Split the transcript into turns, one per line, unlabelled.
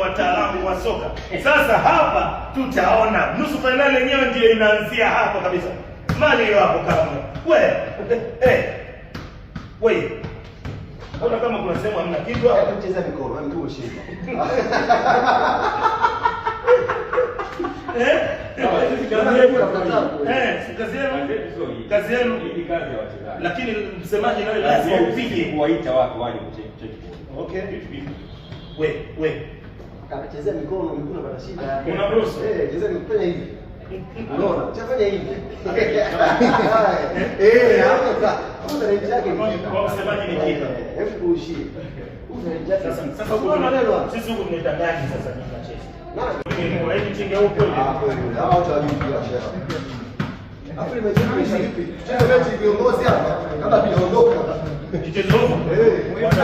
wataalamu wa soka. Sasa hapa tutaona nusu fainali yenyewe ndio inaanzia hapo kabisa. Mali hiyo hapo kama we eh, we ona kama kuna sehemu hamna kitu hapa. hapo,
eh, cheza mikono mtu ushinda
eh, eh, eh kazi yenu ni kazi ya wachezaji, lakini msemaji nawe
lazima upige kuwaita watu waje
kucheki. Okay, we we
chezea mikono mikono unapata shida. bruso. Eh, chezea nikufanya hivi. Unaona? Chafanya hivi. Eh, hapo sasa. rangi yake ni
kitu. Kwa msemaji ni kitu.
Hebu Kuna rangi yake.
sasa sasa kuna maneno. Sisi huko tunatangaza sasa ni mchezo. Na kwa hivi chinga huko. Ah,
kweli. Hawa watu wajui kwa shida. Hapo ni mchezo. Cheza mechi viongozi hapa. Kama viongozi. ondoka. Mchezo huko. Eh.